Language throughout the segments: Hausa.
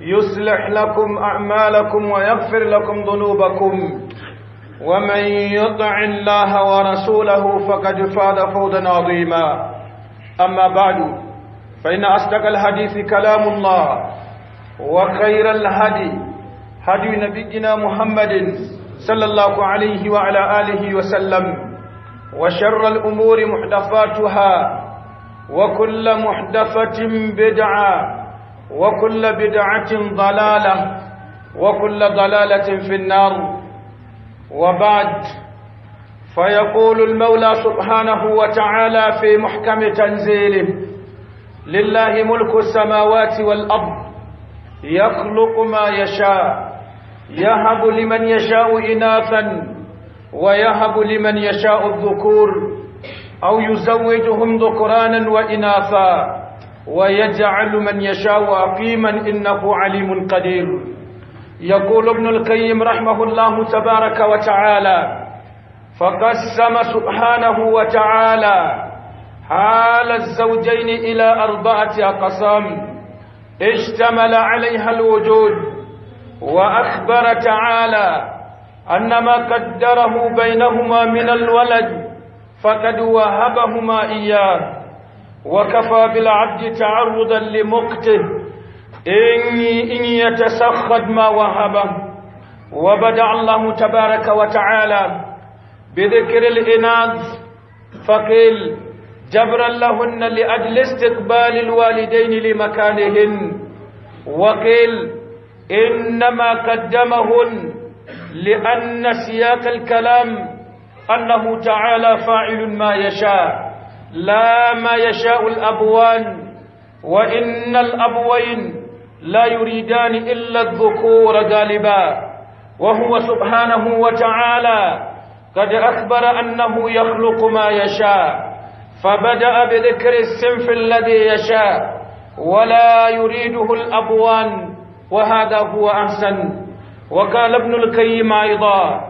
يصلح لكم أعمالكم ويغفر لكم ذنوبكم ومن يطع الله ورسوله فقد فاز فوزا عظيما أما بعد فإن أصدق الحديث كلام الله وخير الهدي هدي نبينا محمد صلى الله عليه وعلى آله وسلم وشر الأمور محدثاتها وكل محدثة بدعة وكل بدعة ضلالة وكل ضلالة في النار وبعد فيقول المولى سبحانه وتعالى في محكم تنزيله لله ملك السماوات والأرض يخلق ما يشاء يهب لمن يشاء إناثا ويهب لمن يشاء الذكور أو يزوجهم ذكرانا وإناثا ويجعل من يشاء عقيما إنه عليم قدير يقول ابن القيم رحمه الله تبارك وتعالى فقسم سبحانه وتعالى حال الزوجين إلى أربعة أقسام اشتمل عليها الوجود وأخبر تعالى أن ما قدره بينهما من الولد فقد وهبهما إياه وكفى بالعبد تعرضا لمقته إن, إن يتسخد ما وهبه وبدع الله تبارك وتعالى بذكر الإناث فقيل جبرا لهن لأجل استقبال الوالدين لمكانهن وقيل إنما قدمهن لأن سياق الكلام أنه تعالى فاعل ما يشاء لا ما يشاء الأبوان وإن الأبوين لا يريدان إلا الذكور غالبا وهو سبحانه وتعالى قد أخبر أنه يخلق ما يشاء فبدأ بذكر السنف الذي يشاء ولا يريده الأبوان وهذا هو أحسن وقال ابن الكيم أيضا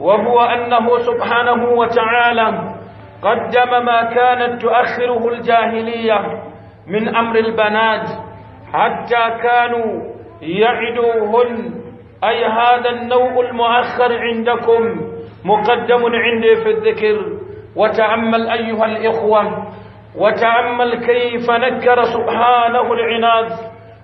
وهو أنه سبحانه وتعالى قدم ما كانت تؤخره الجاهلية من أمر البنات حتى كانوا يعدوهن أي هذا النوع المؤخر عندكم مقدم عندي في الذكر وتأمل أيها الإخوة وتأمل كيف نكر سبحانه العناد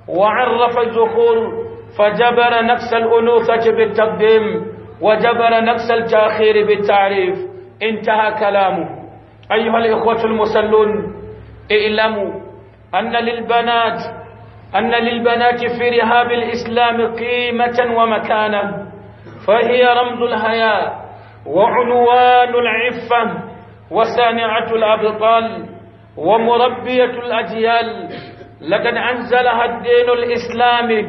وعرف الذكور فجبر نفس الأنوثة بالتقديم وجبر نفس التأخير بالتعريف انتهى كلامه أيها الإخوة المسلون اعلموا أن للبنات أن للبنات في رهاب الإسلام قيمة ومكانة فهي رمز الحياة وعنوان العفة وسانعة الأبطال ومربية الأجيال لقد أنزلها الدين الإسلامي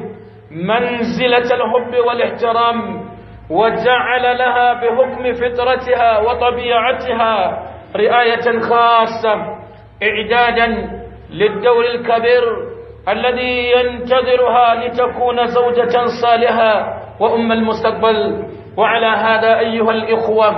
منزلة الحب والاحترام وجعل لها بحكم فطرتها وطبيعتها رعاية خاصة إعدادا للدور الكبير الذي ينتظرها لتكون زوجة صالحة وأم المستقبل وعلى هذا أيها الإخوة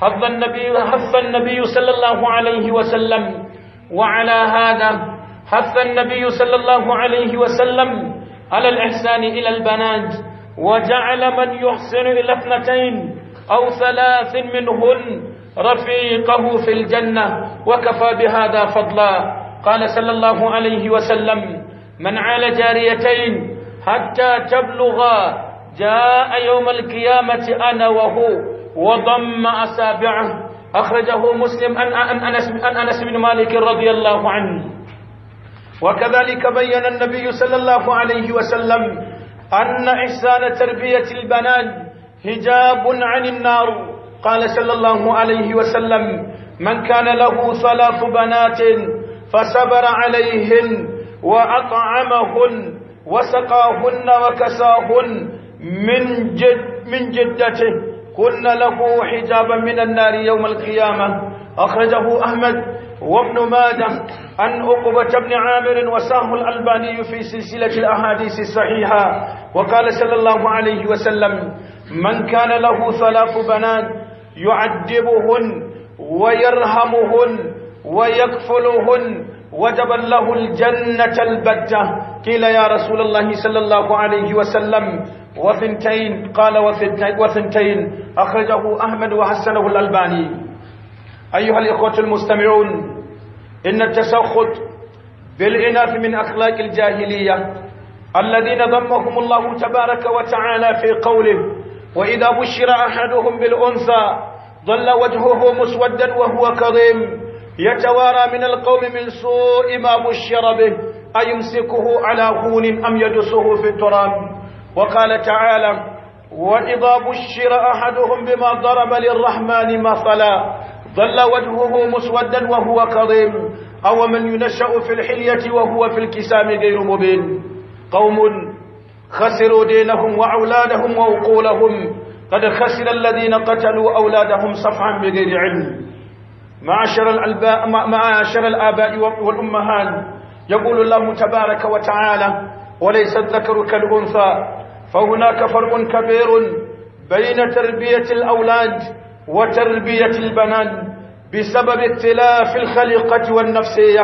حث النبي, حث النبي صلى الله عليه وسلم وعلى هذا حث النبي صلى الله عليه وسلم على الإحسان إلى البنات وجعل من يحسن إلى اثنتين أو ثلاث منهن رفيقه في الجنة وكفى بهذا فضلا قال صلى الله عليه وسلم من عال جاريتين حتى تبلغا جاء يوم القيامة أنا وهو وضم أسابعه أخرجه مسلم أن أنس أن أنس بن مالك رضي الله عنه وكذلك بين النبي صلى الله عليه وسلم أن إحسان تربية البنان حجاب عن النار قال صلى الله عليه وسلم من كان له ثلاث بنات فصبر عليهن وأطعمهن وسقاهن وكساهن من جد من جدته كن له حجابا من النار يوم القيامة أخرجه أحمد وابن ماجه عن عقبة بن عامر وساه الألباني في سلسلة الأحاديث الصحيحة وقال صلى الله عليه وسلم من كان له ثلاث بنات يعذبهن ويرهمهن ويكفلهن وجب الله الجنة البتة قيل يا رسول الله صلى الله عليه وسلم وثنتين قال وثنتين أخرجه أحمد وحسنه الألباني أيها الإخوة المستمعون إن التسخط بالإناث من أخلاق الجاهلية الذين ضمهم الله تبارك وتعالى في قوله وإذا بشر أحدهم بالأنثى ظل وجهه مسودا وهو كظيم يتوارى من القوم من سوء ما بشر به أيمسكه على هون أم يدسه في التراب وقال تعالى وإذا بشر أحدهم بما ضرب للرحمن مثلا ظل وجهه مسودا وهو كظيم أو من ينشأ في الحلية وهو في الكسام غير مبين قوم خسروا دينهم وأولادهم وعقولهم قد خسر الذين قتلوا أولادهم صفعا بغير علم معاشر الألباء معاشر الآباء والأمهات يقول الله تبارك وتعالى وليس الذكر كالأنثى فهناك فرق كبير بين تربية الأولاد وتربية البنات بسبب اختلاف الخليقة والنفسية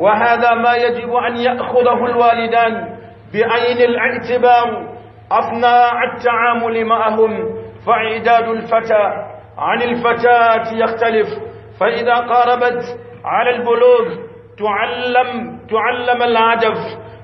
وهذا ما يجب أن يأخذه الوالدان بعين الاعتبار أثناء التعامل معهم فإعداد الفتى عن الفتاة يختلف فإذا قاربت على البلوغ تعلم تعلم العدف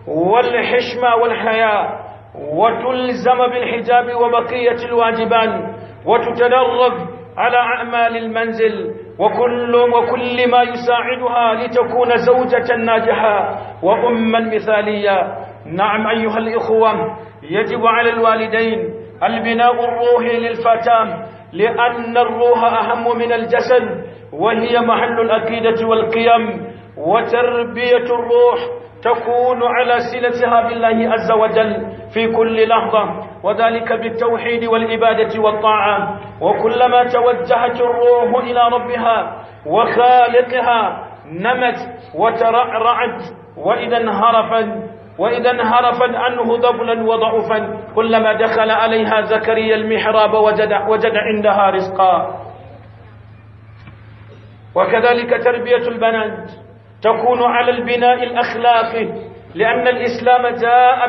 والحشمة والحياء وتلزم بالحجاب وبقية الواجبان وتتدرب على أعمال المنزل وكل وكل ما يساعدها لتكون زوجة ناجحة وأما مثالية نعم أيها الإخوة يجب على الوالدين البناء الروحي للفتاة لأن الروح أهم من الجسد وهي محل الأكيدة والقيم وتربية الروح تكون على سلتها بالله عز وجل في كل لحظة وذلك بالتوحيد والإبادة والطاعة وكلما توجهت الروح إلى ربها وخالقها نمت وترعرعت وإذا انهرفت وإذا انهرفت عنه ذبلا وضعفا كلما دخل عليها زكريا المحراب وجد, وجد عندها رزقا وكذلك تربية البنات تكون على البناء الأخلاقي لأن الإسلام جاء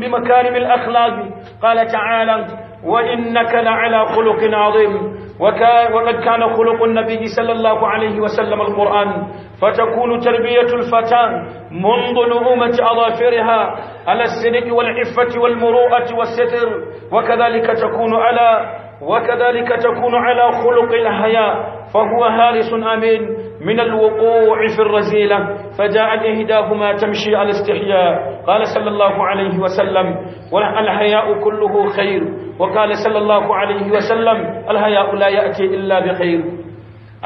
بمكارم الأخلاق قال تعالى وإنك لعلى خلق عظيم وقد كان خلق النبي صلى الله عليه وسلم القرآن فتكون تربية الفتاة منذ نعومة أظافرها على الصدق والعفة والمروءة والستر وكذلك تكون على وكذلك تكون على خلق الهياء فهو هارس أمين من الوقوع في الرزيلة فجاءت إهداهما تمشي على استحياء قال صلى الله عليه وسلم والحياء كله خير وقال صلى الله عليه وسلم الحياء لا يأتي إلا بخير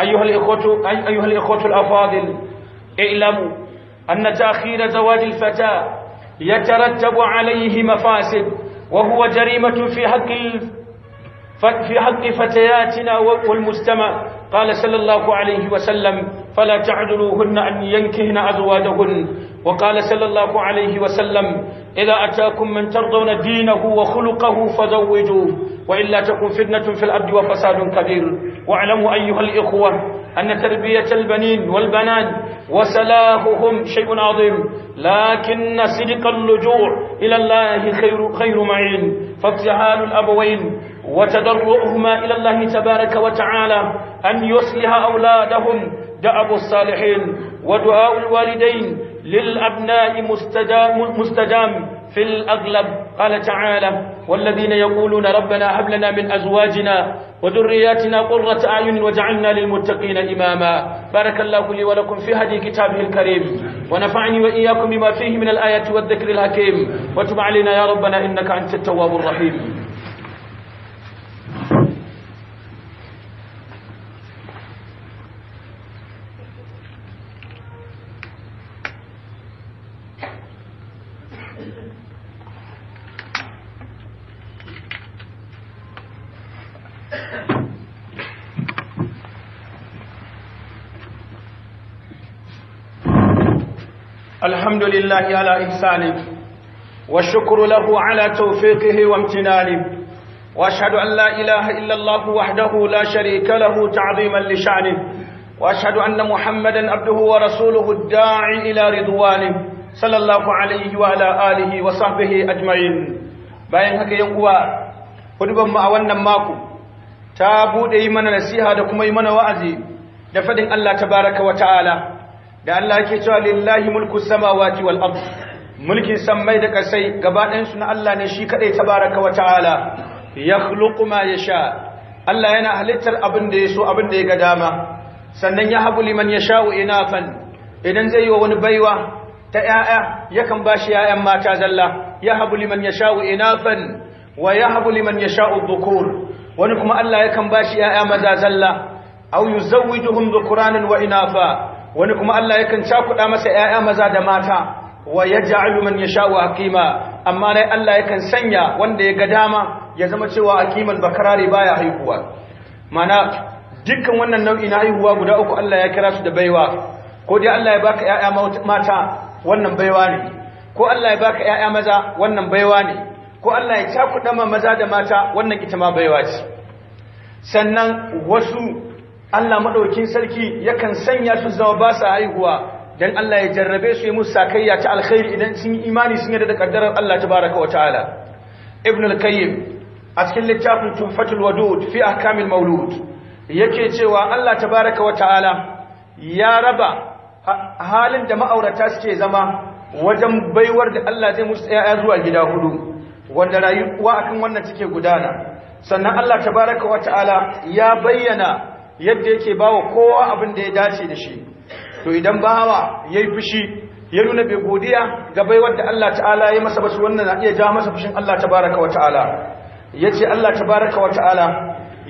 أيها الإخوة, أيها الإخوة الأفاضل اعلموا أن تأخير زواج الفتاة يترتب عليه مفاسد وهو جريمة في حق في حق فتياتنا والمجتمع قال صلى الله عليه وسلم فلا تعدلوهن أن ينكهن أزواجهن وقال صلى الله عليه وسلم إذا أتاكم من ترضون دينه وخلقه فزوجوه وإلا تكون فتنة في الأرض وفساد كبير واعلموا أيها الإخوة أن تربية البنين والبنات وسلاههم شيء عظيم لكن صدق اللجوع إلى الله خير, خير معين فابتعال الأبوين وتدرؤهما إلى الله تبارك وتعالى أن يصلح أولادهم دعب الصالحين ودعاء الوالدين للأبناء مستدام, مستدام في الأغلب قال تعالى والذين يقولون ربنا هب لنا من أزواجنا وذرياتنا قرة أعين وجعلنا للمتقين إماما بارك الله لي ولكم في هدي كتابه الكريم ونفعني وإياكم بما فيه من الآيات والذكر الحكيم وتب علينا يا ربنا إنك أنت التواب الرحيم الحمد لله على إحسانه والشكر له على توفيقه وامتنانه وأشهد أن لا إله إلا الله وحده لا شريك له تعظيما لشأنه وأشهد أن محمدا عبده ورسوله الداعي إلى رضوانه صلى الله عليه وعلى آله وصحبه أجمعين bayan haka yan uwa hudubar mu a wannan mako ta bude yi mana nasiha da kuma yi mana wa'azi da fadin Allah tabaraka wa ta'ala da Allah yake cewa lillahi mulku samawati wal ard mulkin sammai da kasai gaba su na Allah ne shi kadai tabaraka wa ta'ala yakhluqu ma yasha Allah yana halittar abin da yaso abin da ya ga dama sannan ya habu liman yasha wa inafan idan zai yi wa wani baiwa ta ƴaƴa yakan bashi ƴaƴan mata zalla ya habu liman yasha wa inafan wa ya liman yasha dhukur wani kuma Allah yakan bashi ƴaƴa maza zalla aw yuzawwijuhum dhukuranan wa inafa wani kuma Allah yakan cakuɗa masa ‘ya'ya maza da mata wa ya ja al'uman ya sha'u akima amma dai Allah yakan sanya wanda ya ga dama ya zama cewa akiman bakarare baya haihuwa mana dukkan wannan nau'i na haihuwa guda uku Allah ya kira su da baiwa ko dai Allah ya baka ‘ya'ya mata wannan baiwa ne ko Allah ya baka ‘ya'ya maza wannan baiwa ne ko Allah ya cakuɗa ma maza da mata wannan ita ma baiwa ce sannan wasu Allah maɗaukin sarki yakan sanya su zama ba su haihuwa dan Allah ya jarrabe su yi musu sakayya ta alkhairi idan sun yi imani sun yarda da ƙaddarar Allah tabaraka wataala ibn al a cikin littafin tufatul wadud fi ahkamil maulud yake cewa Allah tabaraka wataala ya raba halin da ma'aurata suke zama wajen baiwar da Allah zai musu yaya zuwa gida hudu wanda rayuwa akan wannan take gudana sannan Allah tabaraka wataala ya bayyana yadda yake bawa kowa abin da ya dace da shi to idan bawa yayi fushi ya nuna bai godiya ga baiwar da Allah ta'ala ya masa basu wannan na iya ja masa fushin Allah tabaraka wa ta'ala yace Allah tabaraka wa ta'ala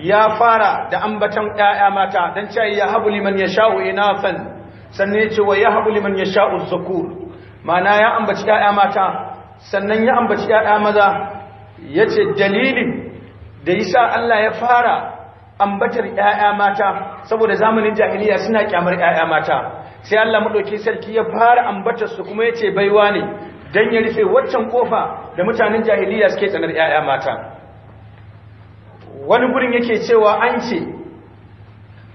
ya fara da ambatan ƴaƴa mata dan cewa ya habu liman yasha'u inafan sannan ce wa ya habu liman yasha'u zukur mana ya ambaci ƴaƴa mata sannan ya ambaci ƴaƴa maza yace dalilin da yasa Allah ya fara ambatar ƴaƴa mata saboda zamanin jahiliya suna kyamar ƴaƴa mata sai Allah madauki sarki ya fara ambatar su kuma yace baiwa ne don ya rufe waccan kofa da mutanen jahiliya suke tsanar ƴaƴa mata wani gurin yake cewa an ce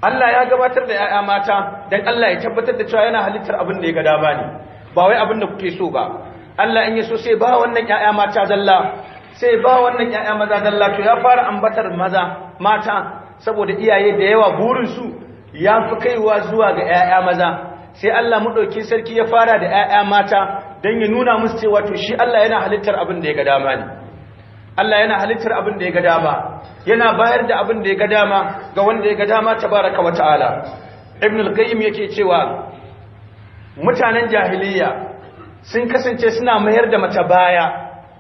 Allah ya gabatar da ƴaƴa mata dan Allah ya tabbatar da cewa yana halittar abin da ya gada ba ne ba wai abin da kuke so ba Allah in ya so sai ba wannan ƴaƴa mata zalla sai ba wannan ƴaƴa maza zalla to ya fara ambatar maza mata saboda iyaye da yawa burinsu ya fi kaiwa zuwa ga 'ya'ya maza sai Allah ɗauki sarki ya fara da 'ya'ya mata don ya nuna musu cewa to shi Allah yana halittar abin da ya ga dama ne Allah yana halittar abin da ya ga dama yana bayar da abin da ya ga dama ga wanda ya ga dama tabaraka wa ta'ala ibn al-qayyim yake cewa mutanen jahiliya sun kasance suna mayar da mata baya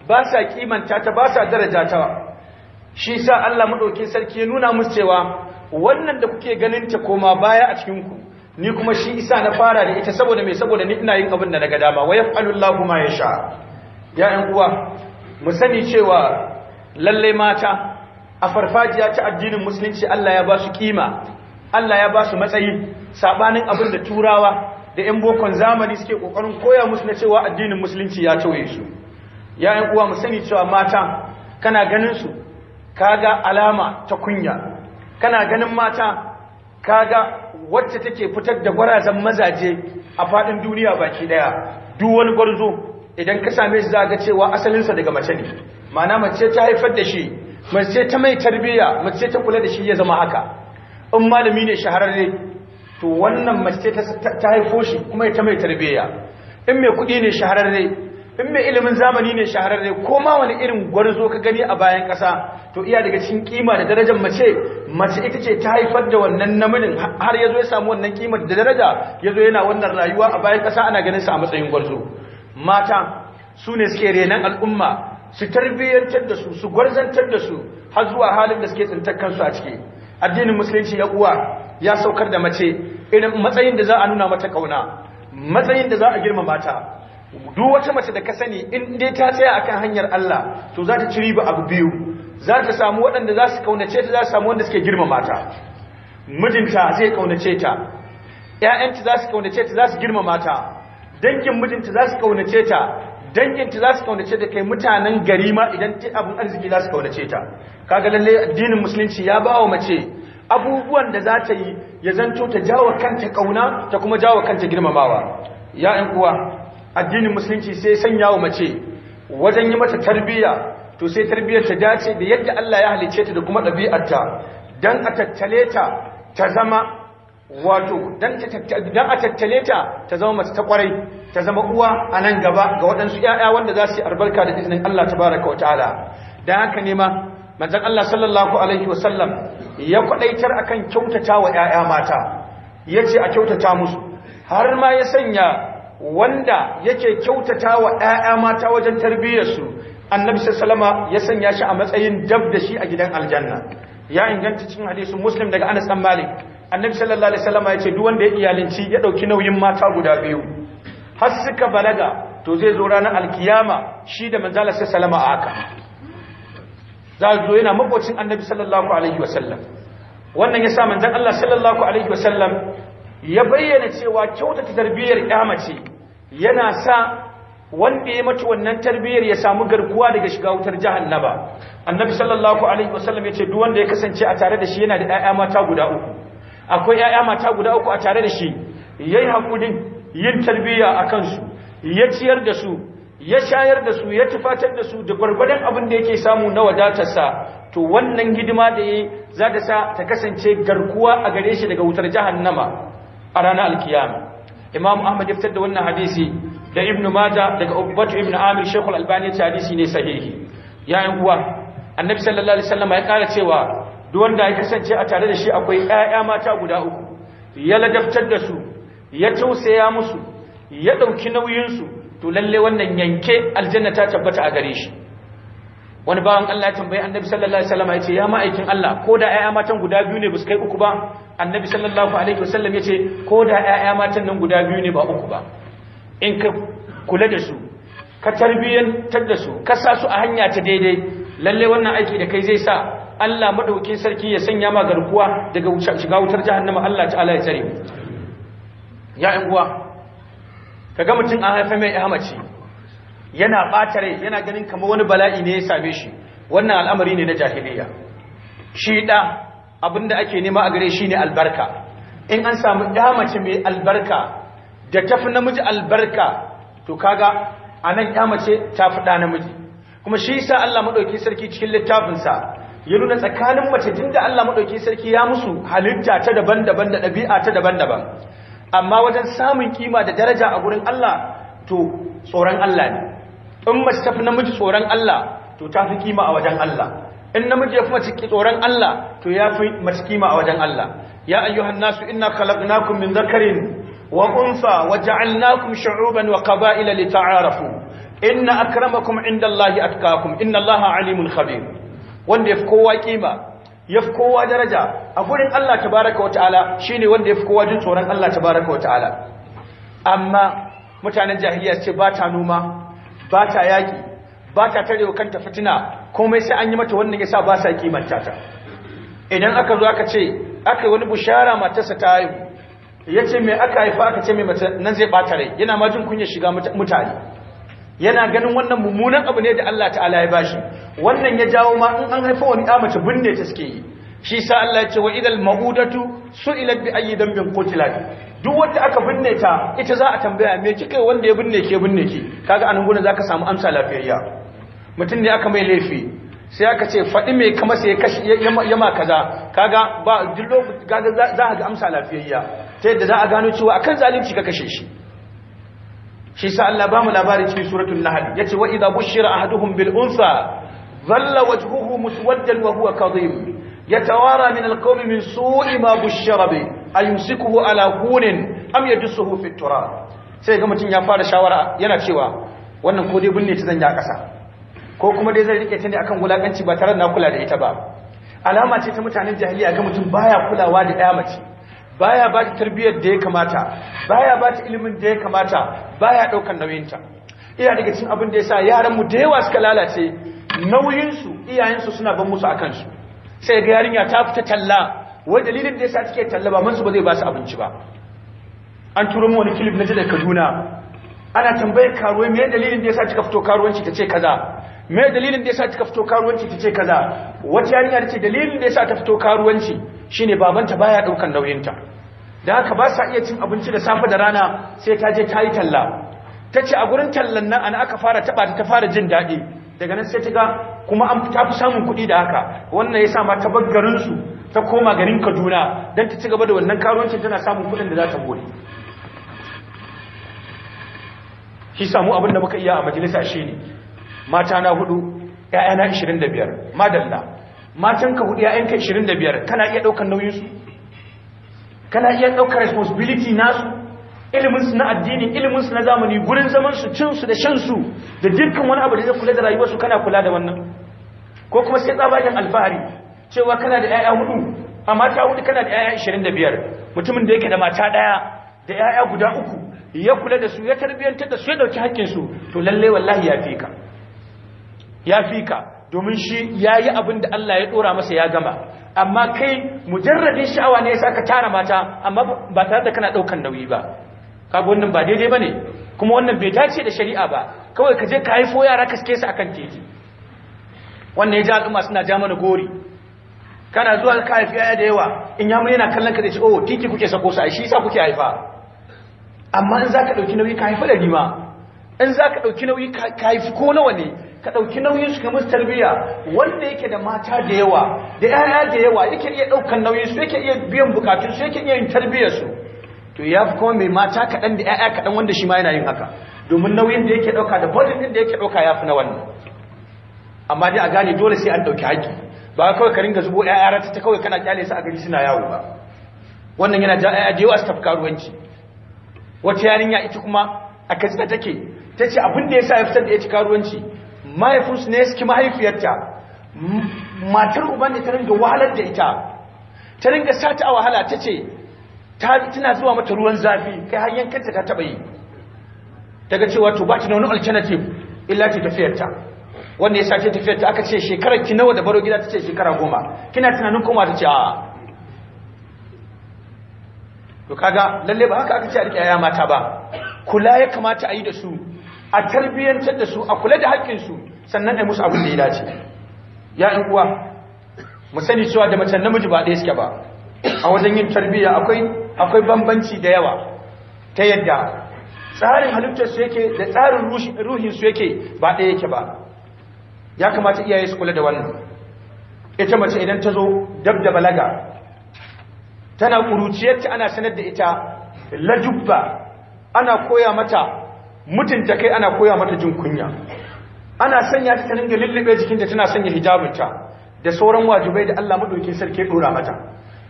ba sa kimanta ta ba sa daraja ta shi sa Allah maɗaukin sarki ya nuna musu cewa wannan da kuke ganin ta koma baya a cikinku ni kuma shi isa na fara da ita saboda mai saboda ni ina yin abin da daga dama wa yaf'alullahu ma yasha ya ɗan uwa mu sani cewa lallai mata a farfajiya ta addinin musulunci Allah ya ba su kima Allah ya ba su matsayi sabanin abin da turawa da yan bokon zamani suke kokarin koya musu na cewa addinin musulunci ya tauye su Ya'yan ɗan uwa mu sani cewa mata kana ganin su kaga alama ta kunya kana ganin mata kaga wacce take fitar da gwarazan mazaje a fadin duniya baki daya duk wani gwarzo idan ka same shi zaka cewa asalinsa daga mace ne mana mace ta haifar da shi mace ta mai tarbiyya mace ta kula da shi ya zama haka in malami ne shahararre to wannan mace ta haifo shi kuma ta mai tarbiyya in mai kudi ne shahararre in mai ilimin zamani ne shahararre ko ma wani irin gwarzo ka gani a bayan kasa, to iya daga cikin kima da darajar mace mace ita ce ta haifar da wannan namunin har yazo ya samu wannan kima da daraja ya zo yana wannan rayuwa a bayan ƙasa ana ganin sa a matsayin gwarzo mata su ne suke renan al'umma su tarbiyyantar da su su gwarzantar da su har zuwa halin da suke tsintar kansu a ciki addinin musulunci ya uwa ya saukar da mace irin matsayin da za a nuna mata kauna matsayin da za a girmama ta duk wata mace da ka sani in dai ta tsaya akan hanyar Allah to za ta ci riba abu biyu za ta samu waɗanda za su kaunace ta za su samu wanda suke girmama ta mijinta zai kaunace ta ƴaƴanta za su kaunace ta za su girmama ta dangin mijinta za su kaunace ta danginta za su kaunace ta kai mutanen gari ma idan ta abin arziki za su kaunace ta kaga lalle addinin musulunci ya ba wa mace abubuwan da za ta yi ya zanto ta jawo kanta kauna ta kuma jawo kanta girmamawa ya ƴan uwa addinin musulunci sai sanya wa mace wajen yi mata tarbiyya to sai tarbiyyar ta dace da yadda Allah ya halice ta da kuma ɗabi'arta dan a tattale ta ta zama wato dan a tattale ta ta zama mace ta kwarai ta zama uwa a nan gaba ga waɗansu ‘ya'ya wanda za su yi albarka da izinin Allah ta wa ta'ala Dan haka ne ma manzon Allah sallallahu alaihi wa sallam, ya kwaɗaitar akan kyautata wa ‘ya'ya mata yace a kyautata musu har ma ya sanya wanda yake kyautata wa ɗaya mata wajen tarbiyyarsu annabi sallama ya sanya shi a matsayin dab da shi a gidan aljanna ya inganta cikin hadisin muslim daga anas dan malik annabi sallallahu alaihi wasallam ya ce duk wanda ya iyalinci ya dauki nauyin mata guda biyu har suka balaga to zai zo ranar alkiyama shi da manzala sai salama a haka za a zo yana makocin annabi sallallahu alaihi wasallam wannan ya sa manzan Allah sallallahu alaihi wasallam ya bayyana cewa kyautata tarbiyyar mace. yana sa wanda ya mutu wannan tarbiyyar ya samu garkuwa daga shiga wutar jahannaba annabi sallallahu alaihi wasallam yace duk wanda ya kasance a tare da shi yana da ƴaƴa mata guda uku akwai ƴaƴa mata guda uku a tare da shi yayi hakurin yin tarbiyya a kansu ya ciyar da su ya shayar da su ya tufatar da su da gwargwadon abin da yake samu na wadatarsa to wannan hidima da ya za ta sa ta kasance garkuwa a gare shi daga wutar jahannama a ranar alkiyama imam ahmad ya fitar da wannan hadisi da ibnu majah daga ubatu ibnu amir shaykh al-albani ta hadisi ne sahihi ya yi uwa annabi sallallahu alaihi wasallam ya kara cewa duk wanda ya kasance a tare da shi akwai ƴaƴa mata guda uku ya ladaftar da su ya tausaya musu ya ɗauki nauyinsu, to lalle wannan yanke aljanna ta tabbata a gare shi wani bawan Allah ya tambayi annabi sallallahu alaihi wasallam ya ce ya ma'aikin Allah ko da ƴaƴa matan guda biyu ne su kai uku ba annabi sallallahu alaihi wasallam yace ko da ƴaƴa matan nan guda biyu ne ba uku ba in ka kula da su ka tarbiyyantar da su ka sa su a hanya ta daidai lalle wannan aiki da kai zai sa Allah madaukin sarki ya sanya ma garkuwa daga shiga wutar jahannama Allah ta'ala ya tsare ya ƴan uwa kaga mutum an haifa mai ƴa mace yana ɓata rai yana ganin kamar wani bala'i ne ya same shi wannan al'amari ne na jahiliya shi da da ake nema a gare shi ne albarka in an samu mace mai albarka da ta fi namiji albarka to kaga a nan mace ta fi ɗa namiji kuma shi sa Allah maɗauki sarki cikin littafinsa ya nuna tsakanin mace da Allah maɗauki sarki ya musu halitta ta daban-daban da ɗabi'a ta daban-daban amma wajen samun kima da daraja a gurin Allah to tsoron Allah ne in mace ta fi namiji tsoron Allah to ta fi kima a wajen Allah in namiji ya fi mace tsoron Allah to ya fi mace kima a wajen Allah ya ayyuhan nasu inna khalaqnakum min zakarin wa unsa wa ja'alnakum shu'uban wa qaba'ila lita'arafu inna akramakum indallahi atqakum inna Allaha alimul khabir wanda yafi kowa kima yafi kowa daraja a gurin Allah tabaaraka wa ta'ala shine wanda yafi kowa jin tsoron Allah tabaaraka wa ta'ala amma mutanen jahiliya ce ba ta noma ba ta yaki ba ta wa kanta fitina komai sai an yi mata wannan yasa ba sa kimanta ta idan aka zo aka ce aka wani bushara matarsa ta haihu yace me aka haifa aka ce me mata nan zai bata rai yana ma jin kunya shiga mutane yana ganin wannan mummunan abu ne da Allah ta'ala ya bashi wannan ya jawo ma in an haifa wani da mace binne ta suke yi shi sa Allah ya ce wa idal maudatu su'ilat bi ayyi dambin qutilat duk wanda aka binne ta ita za a tambaya me kike wanda ya binne ke binne ki kaga anan gurin zaka samu amsa lafiyayya mutum ne aka mai laifi sai aka ce faɗi mai kama sai ya ma kaza kaga ba dillo gaga za a ga amsa lafiyayya ta yadda za a gano cewa akan zalunci ka kashe shi shi sa Allah ba mu labarin cikin suratul nahl yace wa idha bushira ahaduhum bil unsa dhalla wajhuhu muswaddan wa huwa kadhib yatawara min al qawmi min su'i ma bushira bi ayumsikuhu ala hunin am yadsuhu fi turab sai ga mutum ya fara shawara yana cewa wannan ko dai binne ta zanya kasa ko kuma dai zai rike ta ne akan wulakanci ba tare da na kula da ita ba alama ce ta mutanen jahiliya ga mutum baya kulawa da ɗaya mace baya ba ta tarbiyyar da ya kamata baya ba ta ilimin da ya kamata baya ɗaukar nauyinta ina daga cikin abin da ya sa yaran mu da yawa suka lalace nauyinsu iyayensu suna ban musu a kansu sai ga yarinya ta fita talla wai dalilin da ya sa take talla ba mansu ba zai ba su abinci ba an turo mu wani kilif na jada kaduna ana tambayar karuwai me dalilin da ya sa kika fito karuwanci ta ce kaza Mai dalilin da ya sa ta fito karuwanci ta tace kaza wata yarinya ce dalilin da ya sa ta fito karuwanci shine babanta baya daukan nauyinta da haka ba sa iya cin abinci da safe da rana sai ta je ta yi talla ta ce a gurin tallan nan ana aka fara taba ta fara jin daɗi daga nan sai ta ga kuma an ta fi samun kuɗi da haka wannan ya sa ma ta bar garin su ta koma garin Kaduna dan ta ci gaba da wannan karuwancin tana samun kuɗin da za ta bore shi samu abin da muka iya a majalisa ne. mata na hudu ƴaƴana 25 madalla matanka hudu ƴaƴanka 25 kana iya daukar nauyin su kana iya daukar responsibility nasu ilimin su na addini ilimin su na zamani gurin zaman su cin su da shan su da dukkan wani abu da zai kula da rayuwar su kana kula da wannan ko kuma sai tsabagen alfahari cewa kana da 'ya'ya hudu a mata hudu kana da ƴaƴa 25 mutumin da yake da mata daya da 'ya'ya guda uku ya kula da su ya tarbiyantar da su ya dauki hakkin su to lalle wallahi ya fi ka ya fi ka domin shi ya yi abin da Allah ya ɗora masa ya gama amma kai mujarradin sha'awa ne ya sa ka tara mata amma ba tare da kana ɗaukan nauyi ba kaga wannan ba daidai ba ne kuma wannan bai dace da shari'a ba kawai ka je ka haifo yara ka suke su akan teji wannan ya ji al'umma suna ja mana gori kana zuwa ka haifi yaya da yawa in yamu yana kallon ka da shi oh kiki kuke sako sa shi yasa kuke haifa amma in za ka dauki nauyi ka haifa da rima in za ka dauki nauyi ka haifi ko nawa ne ka ɗauki nauyin su kamar musu tarbiyya wanda yake da mata da yawa da 'ya'ya da yawa yake iya ɗaukan nauyin su yake iya biyan bukatun su yake iya yin tarbiyyar su to ya fi kuma mai mata kaɗan da 'ya'ya kaɗan wanda shi ma yana yin haka domin nauyin da yake ɗauka da bodin ɗin da yake ɗauka ya fi na wannan amma dai a gane dole sai an ɗauki haƙƙi ba kawai ka ringa zubo 'ya'ya rata ta kawai kana kyale su a gari suna yawo ba wannan yana ja 'ya'ya da yawa su tafi karuwanci wata yarinya ita kuma a kaji ta take ta ce abin da ya sa ya fitar da ya ci karuwanci mahaifinsu ne suke mahaifiyarta matar uban da ta ringa wahalar da ita ta ringa sata a wahala ta ce tana zuwa mata ruwan zafi kai har kanta ta taba yi daga cewa to ba ta da alternative illa ta tafiyarta wanda ya sace tafiyarta aka ce shekarar ki nawa da baro gida ta ce shekara goma kina tunanin kuma ta ce a to kaga lalle ba haka aka ce a rike yaya mata ba kula ya kamata a yi da su a tarbiyyantar da su a kula da haƙƙinsu sannan ai musu abin da ya dace ya in uwa mu cewa da mace namiji ba ɗaya suke ba a wajen yin tarbiyya akwai bambanci da yawa ta yadda tsarin halittar su yake da tsarin ruhinsu yake ba ɗaya yake ba ya kamata iyaye su kula da wannan ita mace idan ta zo dab da balaga tana ƙuruciyarta ana sanar da ita lajubba ana koya mata mutunta kai ana koya mata jin kunya ana sanya ta ta ringa lullube jikinta tana sanya hijabinta da sauran wajibai da Allah madauki sarki ya dora mata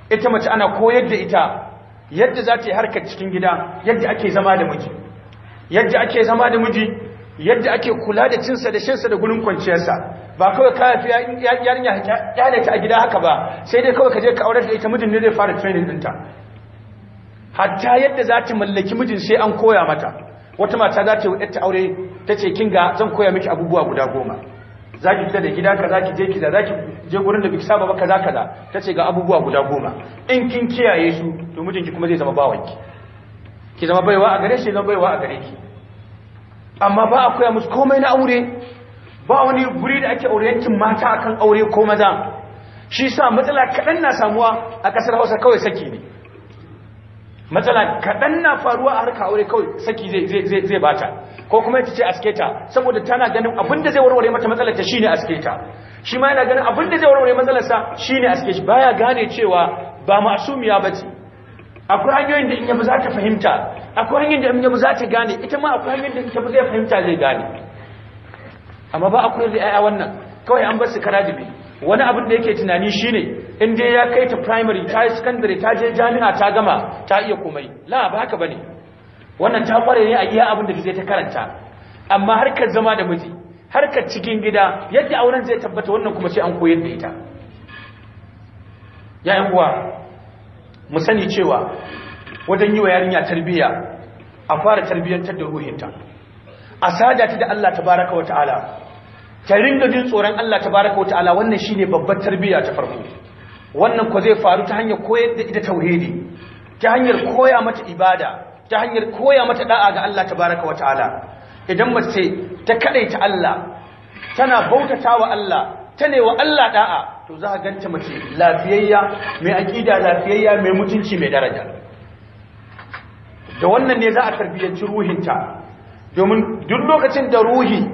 ita mace ana koyar da ita yadda za ta yi harkar cikin gida yadda ake zama da miji yadda ake zama da miji yadda ake kula da cinsa da shinsa da gurin kwanciyarsa ba kawai ka yafi yarinya kyale ta a gida haka ba sai dai kawai ka je ka aurar da ita mijin ne zai fara training ɗinta hatta yadda za ta mallaki mijin sai an koya mata wata mata za ta yi ta aure ta ce kinga zan koya miki abubuwa guda goma za ki fita da gida ka za ki je kiza za ki je gurin da biki saba ba kaza kaza ta ce ga abubuwa guda goma in kin kiyaye su to mijinki kuma zai zama bawanki ki zama baiwa a gare shi zama baiwa a gare ki amma ba a koya musu komai na aure ba wani guri da ake aure yankin mata akan aure ko maza shi sa matsala kaɗan na samuwa a ƙasar hausa kawai saki ne matsala kaɗan na faruwa a harka aure kawai saki zai bata ko kuma ya ce asketa saboda tana ganin abinda zai warware mata matsalar ta shine asketa. shi ma yana ganin abinda zai warware shi shine aske shi baya gane cewa ba masumiya bace akwai hanyoyin da in yabu za ta fahimta akwai hanyoyin da in yabu za ta gane ita ma akwai hanyoyin da in yabi zai fahimta zai gane amma ba akwai da yaya wannan kawai an bar su kara wani abin da yake tunani shine in inda ya kai ta primary ta yi sakandare ta je jami'a ta gama ta iya komai la ba haka ba ne? wannan ta kware ne a iya abin da zai ta karanta amma harkar zama da miji harkar cikin gida yadda auren zai tabbata wannan kuma sai an koyar da ita yayin uwa mu sani cewa wajen yi wa yarinya tarbiyya a fara tarbiyyantar da ruhinta a sada ta da Allah tabaraka wa ta'ala ka ringa jin tsoron Allah tabaraka wa ta'ala wannan shine babbar tarbiyya ta farko wannan ko zai faru ta hanyar koyar da ita tauhidi ta hanyar koya mata ibada ta hanyar koya mata da'a ga Allah tabaraka wa ta'ala idan mace ta kadaita Allah tana bautatawa Allah ta wa Allah da'a to za a ganta mace lafiyayya mai aƙida lafiyayya mai mutunci mai daraja da wannan ne za a tarbiyyanci ruhinta domin duk lokacin da ruhi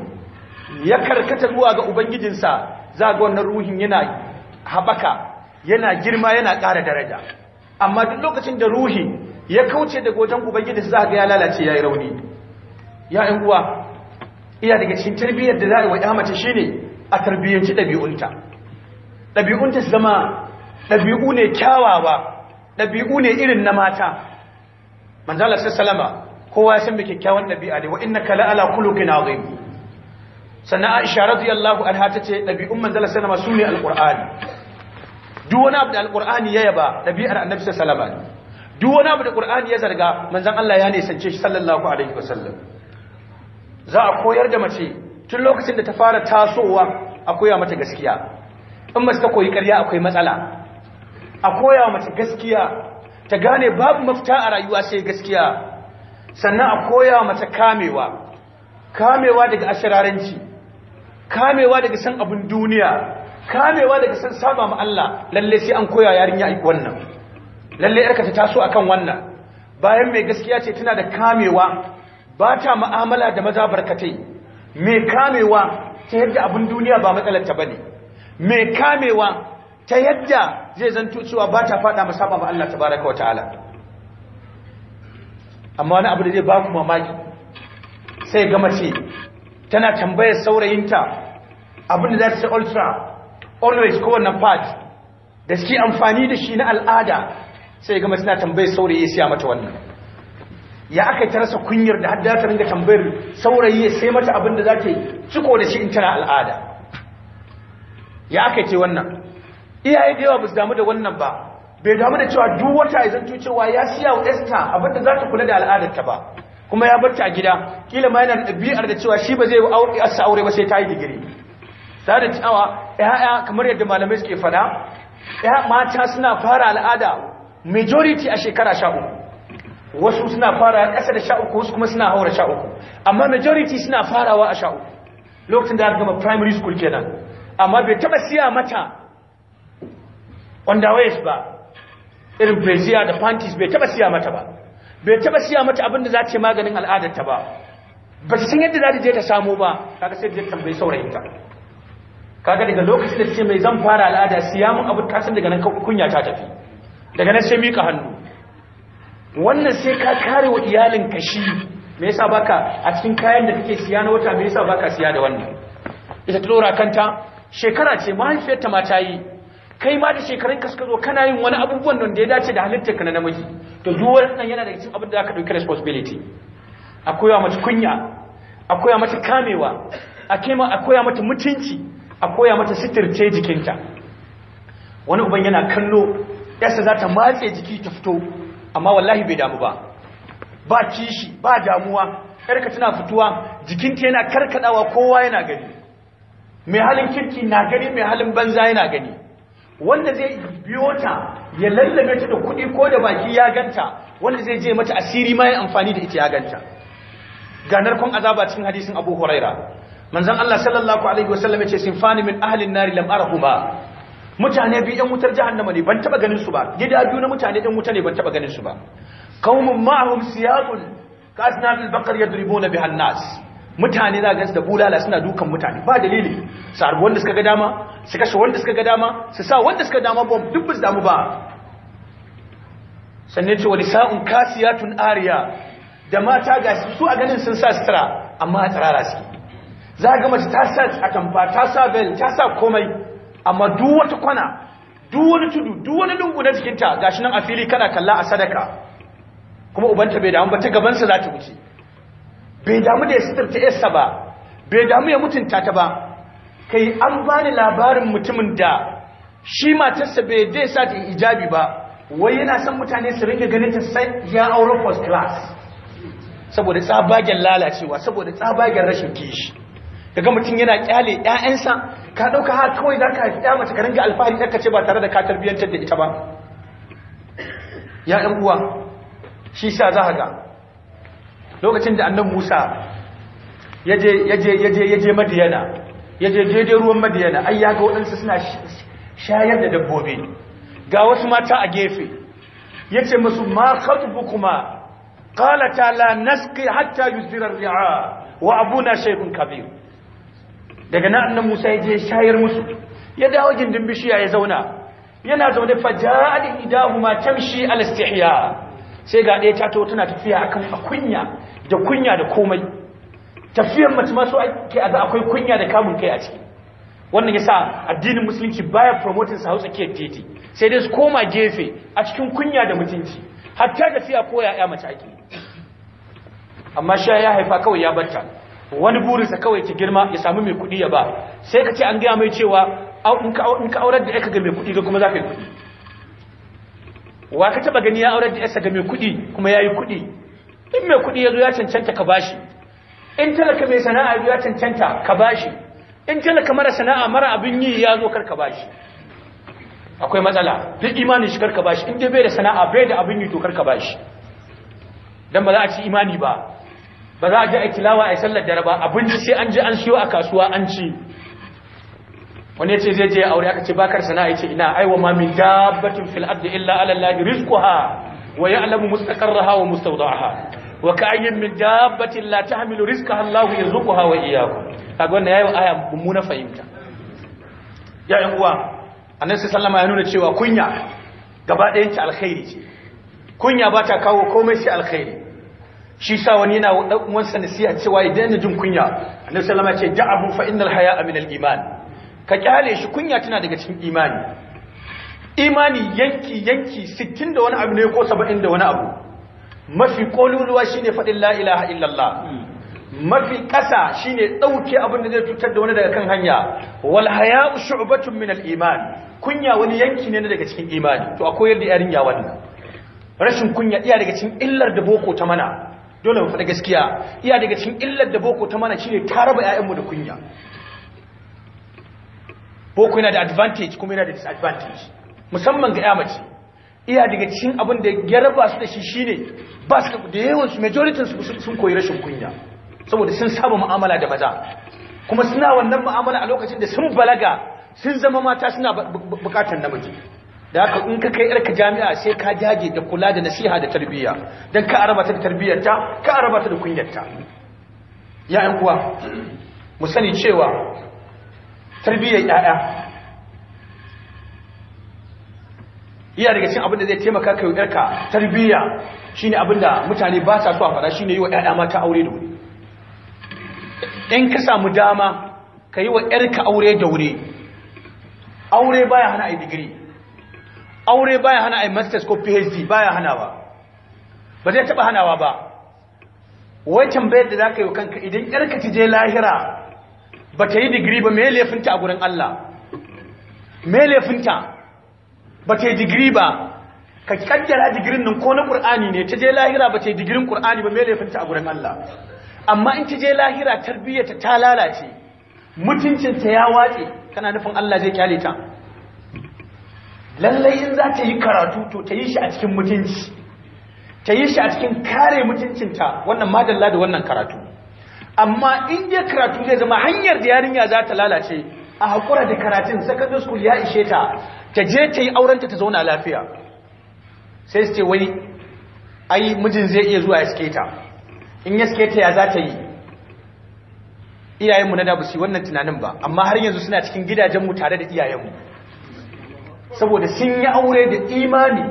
ya karkata zuwa ga ubangijinsa za ga wannan ruhin yana haɓaka, yana girma yana ƙara daraja amma duk lokacin da ruhi ya kauce daga wajen ubangijinsa za ga ya lalace ya yi rauni ya'yan uwa iya daga cikin tarbiyyar da za a yi wa ya mace ne a tarbiyyanci ɗabi'unta ɗabi'unta su zama ɗabi'u ne kyawawa ɗabi'u ne irin na mata manzala sassalama kowa ya san mai kyakkyawan ɗabi'a ne wain na kala ala kulukin zai sannan aisha radiyallahu anha ta ce ɗabi'un manzala sallama su ne alƙur'ani duk wani abu da alƙur'ani ya yaba ɗabi'ar annabi sallama ne duk wani abu da Alƙur'ani ya zarga manzan Allah ya nisance shi sallallahu alaihi wasallam za a koyar da mace tun lokacin da ta fara tasowa a koya mata gaskiya in mace ta koyi ƙarya akwai matsala a koya mace gaskiya ta gane babu mafita a rayuwa sai gaskiya sannan a koya mace kamewa kamewa daga ashirarenci kamewa daga san abin duniya kamewa daga san saba ma Allah lalle sai an koya yarinya ai wannan lalle yarka ta taso akan wannan bayan mai gaskiya ce tana da kamewa ba ta mu'amala da maza barkatai mai kamewa ta yadda abin duniya ba matsalar ta bane mai kamewa ta yadda zai zanto cewa ba ta fada ma saba ma Allah tabaraka wa ta'ala amma wani abu da zai ba ku mamaki sai ga mace tana tambayar saurayinta abinda za ta ultra always wannan part da suke amfani da shi na al'ada sai gama suna tambayar saurayi ya siya mata wannan ya aka yi ta rasa kunyar da hada ta ringa tambayar saurayi sai mata abinda za ta yi ciko da shi in tana al'ada ya aka yi ce wannan iyaye da yawa ba su damu da wannan ba bai damu da cewa duk wata ya cewa ya siya wa esta abinda za ta kula da al'adarta ba kuma ya barci a gida kila ma yana da ɗabi'ar da cewa shi ba zai asa aure ba sai ta yi digiri ta da cewa ya'ya kamar yadda malamai suke fada ya mata suna fara al'ada majority a shekara sha uku wasu suna fara ƙasa da sha uku wasu kuma suna haura sha uku amma majority suna farawa a sha uku lokacin da aka gama primary school kenan amma bai taɓa siya mata wanda ba irin brazier da panties bai taɓa siya mata ba bai taba siya mata abin da za ce maganin al'adarta ba ba su san yadda za ta je ta samo ba kaga sai ta tambayi saurayin saurayinta kaga daga lokacin da ce mai zan fara al'ada siya mun abu ta san daga nan kunya ta tafi daga nan sai mika hannu wannan sai ka kare wa iyalin kashi me yasa baka a cikin kayan da kake siya na wata me yasa baka siya da wannan ita ta kanta shekara ce mahaifiyarta ma ta yi kai ma da shekarun ka suka zo kana yin wani abubuwan nan da ya dace da halittar na namiji to duk wannan yana daga cikin abin da aka dauki responsibility akwai wa mata kunya akwai wa mata kamewa akwai wa mata mutunci akwai wa mata sitirce jikinta wani uban yana kallo yarsa za ta matse jiki ta fito amma wallahi bai damu ba ba kishi ba damuwa yarka tana fituwa jikinta yana karkadawa kowa yana gani mai halin kirki na gani mai halin banza yana gani wanda zai biyo ta ya lallame ta da kuɗi ko da baki ya ganta wanda zai je mata asiri ma ya amfani da ita ya ganta ganar kun azaba cikin hadisin Abu Huraira manzon Allah sallallahu alaihi wasallam yace sinfani min ahalin Nari nar lam arahuma mutane bi yan wutar jahannama ne ban taba ganin su ba gida biyu na mutane yan wuta ne ban taba ganin su ba qaumun ma'ahum siyaqun kasnal al-baqar yadribuna Bihannas. nas mutane za a gansu da bulala suna dukan mutane ba dalili su harbi wanda suka ga dama su kashe wanda suka ga dama su sa wanda suka dama bom duk ba su damu ba sannan ce wani sa'un tun ariya da mata ga su a ganin sun sa sutura amma a tsirara su. za gama mace ta sa atamfa ta sa bel ta sa komai amma duk wata kwana duk wani tudu duk wani dungu na jikinta shi nan a fili kana kalla a sadaka kuma ubanta bai damu ba ta gabansa za ta wuce bai damu da ya sitarta yarsa ba bai damu ya mutunta ta ba kai an bani labarin mutumin da shi matarsa bai dai sa ta ijabi ba wai yana son mutane su ringa ganin ta sai ya aure first class saboda tsabagen lalacewa saboda tsabagen rashin kishi Daga mutum yana kyale ƴaƴansa ka dauka har kawai za ka haifi ƴa mace ka ringa alfahari ɗaka ce ba tare da ka tarbiyantar da ita ba ya ɗan uwa shi sa za ga lokacin da annan musa ya je madiyana je daidai ruwan madiyana ai ya ga waɗansu suna shayar da dabbobi ga wasu mata a gefe ya ce masu ma khatubu kuma ta la naske hatta yi zirar ria wa na shaykhun kabir daga na annan musa ya je shayar musu ya dawo gindin bishiya ya zauna yana zaune faja'at idahuma tamshi al-istihya sai ga ɗaya ta tana tafiya a kan kunya da kunya da komai tafiyar mace masu aiki ake aza akwai kunya da kamun kai a ciki wannan ya sa addinin musulunci baya promoting sa hausa ke titi sai dai su koma gefe a cikin kunya da mutunci hatta da siya ko ya mace ake amma sha ya haifa kawai ya barta wani burinsa kawai ta girma ya samu mai kuɗi ya ba sai ka ce an gaya mai cewa in ka aurar da ya ga mai kuɗi ga kuma za ka yi kuɗi wa ka taba gani ya aurar da yarsa ga mai kuɗi kuma yayi yi kuɗi in mai kuɗi yazo ya cancanta ka bashi in talaka mai sana'a ya cancanta ka bashi in talaka mara sana'a mara abin yi ya kar ka bashi akwai matsala duk imani shi kar ka bashi in dai bai da sana'a bai da abin yi to kar ka bashi dan ba za a ci imani ba ba za a ji a kilawa a sallar dare ba abinci sai an ji an siyo a kasuwa an ci wani ce zai je aure aka ce bakar ya ce ina aiwa ma min dabbatin fil ardi illa ala allahi rizquha wa ya'lamu mustaqarraha wa mustawda'aha wa ka'ayyin min dabbatin la tahmilu rizqaha allahu yarzuquha wa iyyakum kaga wannan yayi aya mummuna fahimta ya yan uwa annabi sallama ya nuna cewa kunya gaba ɗayan ta alkhairi ce kunya ba ta kawo komai sai alkhairi shi sa wani yana wansa nasiha cewa idan na jin kunya annabi sallama ya ce da'abu fa innal haya'a min al-iman ka kyale shi kunya tana daga cikin imani imani yanki yanki sittin da wani abu ne ko saba'in da wani abu mafi kololuwa shine faɗin la ilaha illallah mafi ƙasa shine ɗauke abin da zai cutar da wani daga kan hanya wal haya'u shu'batun min al iman kunya wani yanki ne daga cikin imani to akwai yadda yarinya wannan rashin kunya iya daga cikin illar da boko ta mana dole mu faɗa gaskiya iya daga cikin illar da boko ta mana shine ta raba mu da kunya boko yana da advantage kuma yana da disadvantage musamman ga yamace iya daga cikin abin da ya raba su da shi shine ba su da yawan su majority su sun koyi rashin kunya saboda sun saba mu'amala da maza kuma suna wannan mu'amala a lokacin da sun balaga sun zama mata suna bukatar namiji da haka in ka kai yarka jami'a sai ka jage da kula da nasiha da tarbiyya dan ka araba ta da tarbiyyarta ka araba ta da kunyarta ya'yan kuwa mu sani cewa tarbiyyar yaya iya daga cin abinda zai taimaka kai yarka tarbiyya shine abinda mutane ba sa so a fada shine yi wa yaya mata aure da wuri in ka samu dama ka yi wa ƴarka aure da wuri aure baya hana a digiri aure baya hana a masters ko phd baya hana ba ba zai taba hanawa ba wai tambayar da za ka yi wa kanka idan yarka ta je lahira ba ta yi digiri ba mai laifinta a gurin Allah mai laifinta ba ta yi digiri ba ka kaggara digirin nan ko na ƙur'ani ne ta je lahira ba ta yi digirin ƙur'ani ba mai laifinta a gurin Allah amma in ta je lahira tarbiyyata ta lalace mutuncinta ya watse kana nufin Allah zai kyale ta lallai in za ta yi karatu to ta yi shi a cikin mutunci ta yi shi a cikin kare mutuncinta wannan madalla da wannan karatu amma in dai karatu zai zama hanyar da yarinya za ta lalace a haƙura da karatun secondary school ya ishe ta ta je ta yi aurenta ta zauna lafiya sai su ce wai ai mijin zai iya zuwa ya suke ta in ya suke ta ya za ta yi iyayenmu na da su wannan tunanin ba amma har yanzu suna cikin gidajenmu tare da iyayenmu saboda sun yi aure da imani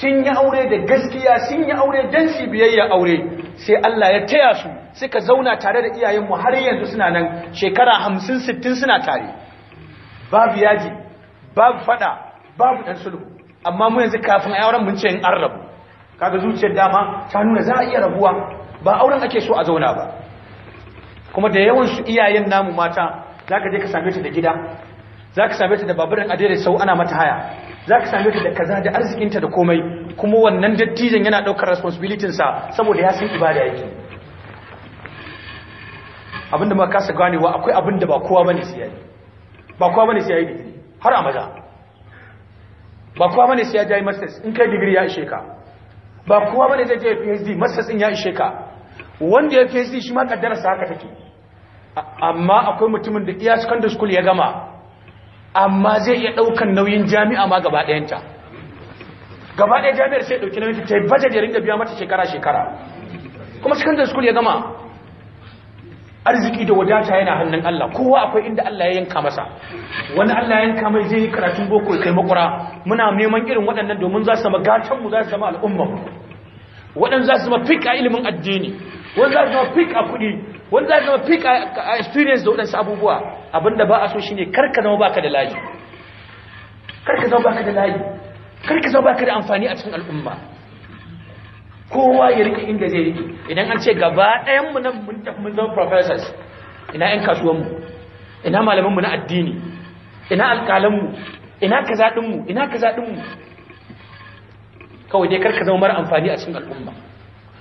sun yi aure da gaskiya sun yi aure don su biyayya aure sai Allah ya taya su suka zauna tare da iyayenmu har yanzu suna nan shekara hamsin sittin suna tare babu yaji babu fada babu dan sulhu amma mu yanzu kafin auren mun ce in an rabu kaga zuciyar dama ta nuna za a iya rabuwa ba auren ake so a zauna ba kuma da yawan su iyayen namu mata zaka je ka same ta da gida zaka same ta da baburan adere sau ana mata haya za ka same ta da kaza da arzikinta da komai kuma wannan dattijan yana ɗaukar sa saboda ya san ibada yake abinda ma kasa ganewa akwai abinda ba kowa bane su yayi ba kowa bane yi yayi digiri har a maza ba kowa bane su yayi masters in kai digiri ya ishe ka ba kowa bane zai je PhD masters in ya ishe ka wanda ya PhD shi ma sa haka take amma akwai mutumin da iya secondary school ya gama amma zai iya ɗaukan nauyin jami'a ma gaba ɗayanta gaba ɗaya jami'ar sai dauki nauyin ta yi da ya ringa biya mata shekara-shekara kuma secondary school ya gama arziki da wadata yana hannun Allah kowa akwai inda Allah ya yanka masa wani Allah ya yanka mai zai yi karatun boko kai makura muna neman irin waɗannan domin za su zama gatan mu za su zama al'umma waɗannan za su zama fik a ilimin addini wani za su zama fik a kuɗi wanda za ka zama ka experience da waɗansu abubuwa abinda ba a so shine karka zama baka da layi karka zama baka da layi karka zama baka da amfani a cikin al'umma kowa ya rike inda zai rike idan an ce gaba ɗayan mu nan mun tafi mun zama professors ina ƴan kasuwan mu ina malamanmu mu na addini ina alƙalan mu ina kaza din mu ina kaza din mu kawai dai karka zama mara amfani a cikin al'umma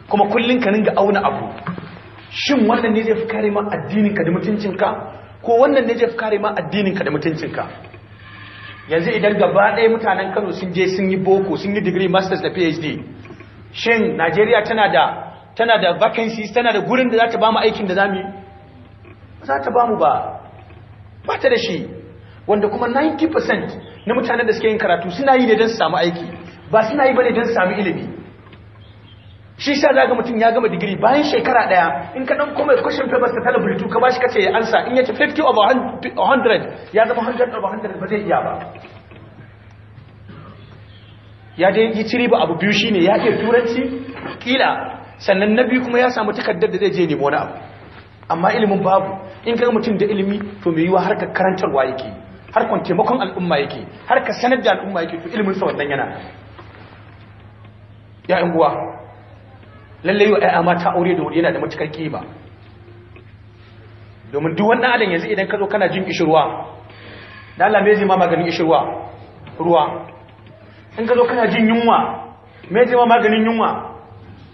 kuma kullun ka ringa auna abu shin wannan ne zai fi kare ma addininka da mutuncinka ko wannan ne zai fi kare ma addininka da mutuncinka yanzu idan gaba ɗaya mutanen kano sun je sun yi boko sun yi digiri masters da phd shin najeriya tana da tana da vacancies tana da gurin da za ta ba mu aikin da za mu yi za ta ba mu ba ba ta da shi wanda kuma 90% na mutanen da suke yin karatu suna yi ne don su samu aiki ba suna yi ba ne don su samu ilimi shi sa ga mutum ya gama digiri bayan shekara daya in ka dan koma question papers ta talabul tu ka ce kace ya ansa in yace 50 over 100 ya zama 100 over 100 ba zai iya ba ya dai yi ciri ba abu biyu shine ya iya turanci kila sannan na biyu kuma ya samu takardar da zai je nemo na abu amma ilimin babu in ka ga mutum da ilimi to mai yiwa harkar karantarwa yake harkar taimakon al'umma yake harkar sanar da al'umma yake to ilimin sa wannan yana ya yan lalle yi wa ‘ya'ya mata aure da wuri yana da matukar ƙiba domin duk wannan adam yanzu idan ka zo kana jin ishirwa da Allah me ma maganin ishirwa ruwa in ka zo kana jin yunwa me ma maganin yunwa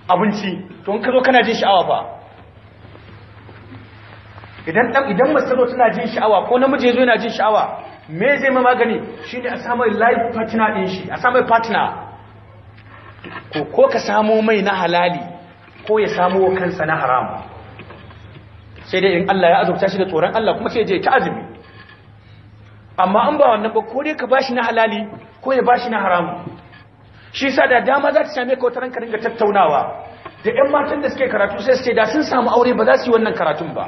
abinci to in ka zo kana jin sha'awa fa idan ɗan idan masu zo tana jin sha'awa ko namiji yazo yana jin sha'awa me zai ma magani ne a samun life partner din shi a samun partner ko ko ka samo mai na halali ko ya samo kansa na haramu sai dai in Allah ya azurta shi da tsoron Allah kuma sai je ta azumi amma an ba wannan ba ko dai ka bashi na halali ko ya bashi na haramu shi sa da dama za ta same ka wata ranka dinga tattaunawa da ƴan matan da suke karatu sai su ce da sun samu aure ba za su yi wannan karatun ba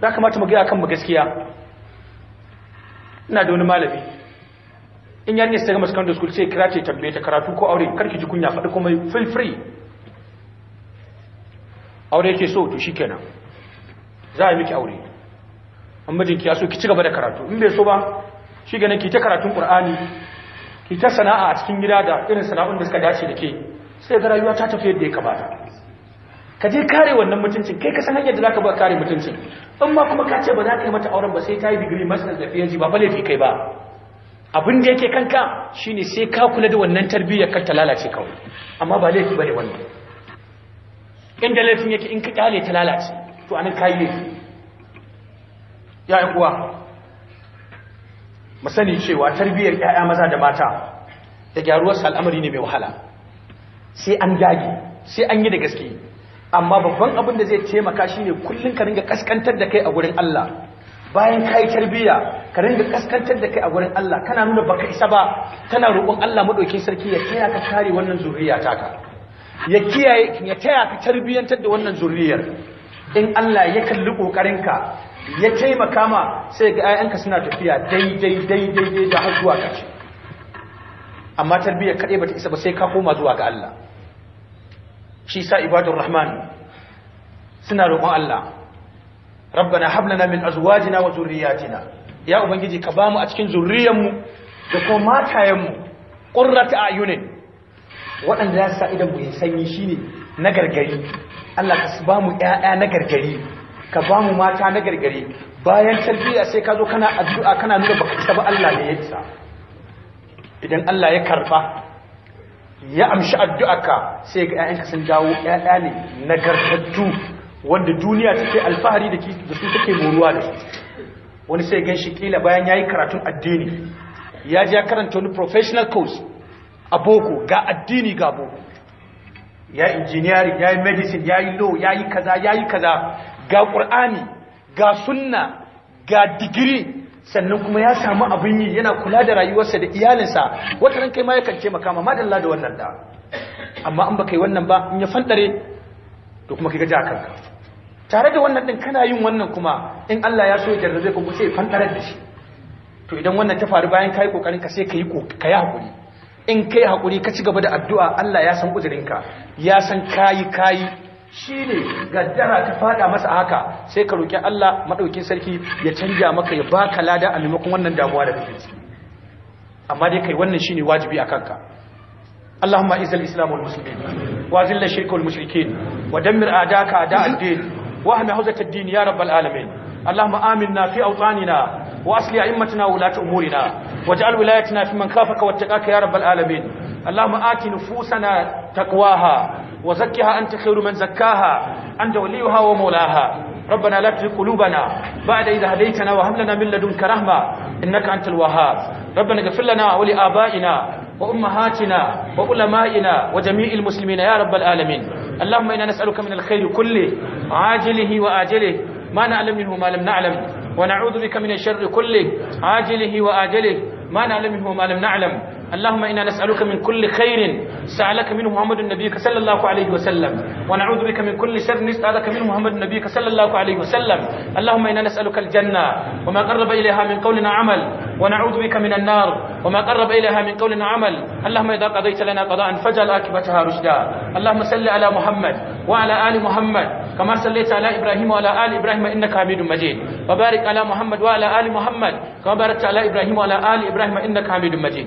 da kamata mu ga kan mu gaskiya ina da wani malami in yarinya ta gama secondary school sai kira ce tambaye ta karatu ko aure karki ji kunya faɗi kuma feel free aure yake so to shikenan za a miki aure an mijinki ya so ki ci gaba da karatu in bai so ba shi ganin ki ta karatun qur'ani ki ta sana'a a cikin gida da irin sana'un da suka dace da ke sai ga rayuwa ta tafi yadda ya kamata ka je kare wannan mutuncin kai ka san hanyar da zaka ba kare mutuncin amma kuma ka ce ba za ka yi mata auren ba sai ta yi digiri masu da ji ba bale fi kai ba abin da yake kanka shine sai ka kula da wannan tarbiyyar kar ta lalace kawai amma ba laifi bane wannan inda laifin yake in ka kyale ta lalace to anan kai laifi ya kuwa mu cewa tarbiyyar 'ya'ya maza da mata da gyaruwar al'amari ne mai wahala sai an dage sai an yi da gaske amma babban abin da zai taimaka shine kullun ka ringa kaskantar da kai a wurin Allah bayan ka yi tarbiyya ka ringa kaskantar da kai a gurin Allah kana nuna baka isa ba kana roƙon Allah madaukin sarki ya taya ka kare wannan zuriya taka ya kiyaye ya taya ka tarbiyyantar da wannan zuriyar in Allah ya kalli kokarin ka ya taimaka ma sai ga ayyanka suna tafiya daidai daidai da har zuwa ce. amma tarbiyyar kaɗai bata isa ba sai ka koma zuwa ga Allah shi sa ibadur rahman suna roƙon Allah rabbana hablana min azwajina wa zurriyatina ya ubangiji ka bamu a cikin zurriyanmu da kuma matayenmu qurrata ayunin waɗanda za su sa idan mu yi sanyi shine na gargari Allah ka bamu ƴaƴa na gargari ka ba mu mata na gargari bayan tarbiyya sai ka zo kana addu'a kana nuna baka ci ba Allah ne ya isa idan Allah ya karfa ya amshi addu'arka sai ga ‘ya'yanka sun dawo ‘ya'ya ne na gargaddu wanda duniya take alfahari da su take moruwa da su wani sai gan shi kila bayan ya yi karatun addini ya ji ya karanta wani professional course a boko ga addini ga boko ya engineering ya yi medicine ya yi law ya yi kaza ya yi kaza ga ƙur'ani ga sunna ga digiri sannan kuma ya samu abin yi yana kula da rayuwarsa da iyalinsa wata ran kai ma yakan ce makama madalla da wannan da amma an baka yi wannan ba in ya fantare to kuma kika ji a tare da wannan ɗin kana yin wannan kuma in Allah ya so ya jarrabe ka sai fantarar da shi to idan wannan ta faru bayan kai kokarin ka sai kai kai hakuri in kai hakuri ka ci gaba da addu'a Allah ya san ka ya san kai kai shine gaddara ta fada masa haka sai ka roki Allah madaukin sarki ya canja maka ya baka lada a maimakon wannan damuwa da kake amma dai kai wannan shine wajibi a kanka اللهم اعز الاسلام والمسلمين واذل الشرك والمشركين ودمر اعداءك اعداء الدين واهم حوزة الدين يا رب العالمين اللهم آمنا في أوطاننا وأصل أئمتنا ولاة أمورنا واجعل ولايتنا في من خافك واتقاك يا رب العالمين اللهم آت نفوسنا تقواها وزكها أنت خير من زكاها أنت وليها ومولاها ربنا لا تزغ قلوبنا بعد إذا هديتنا وهب لنا من لدنك رحمة إنك أنت الوهاب ربنا اغفر لنا ولآبائنا وأمهاتنا وعلمائنا وجميع المسلمين يا رب العالمين اللهم إنا نسألك من الخير كله عاجله وآجله ما نعلم منه ما لم نعلم ونعوذ بك من الشر كله عاجله وآجله ما نعلم منه ما لم نعلم اللهم إنا نسألك من كل خير سألك منه محمد النبي صلى الله عليه وسلم ونعوذ بك من كل شر نسألك منه محمد النبي صلى الله عليه وسلم اللهم إنا نسألك الجنة وما قرب إليها من قول عمل ونعوذ بك من النار وما قرب إليها من قول عمل اللهم إذا قضيت لنا قضاء فجعل آكبتها رشدا اللهم صل على محمد وعلى آل محمد كما صليت على إبراهيم وعلى آل إبراهيم إنك حميد مجيد وبارك على محمد وعلى آل محمد كما باركت على إبراهيم وعلى آل إبراهيم إنك حميد مجيد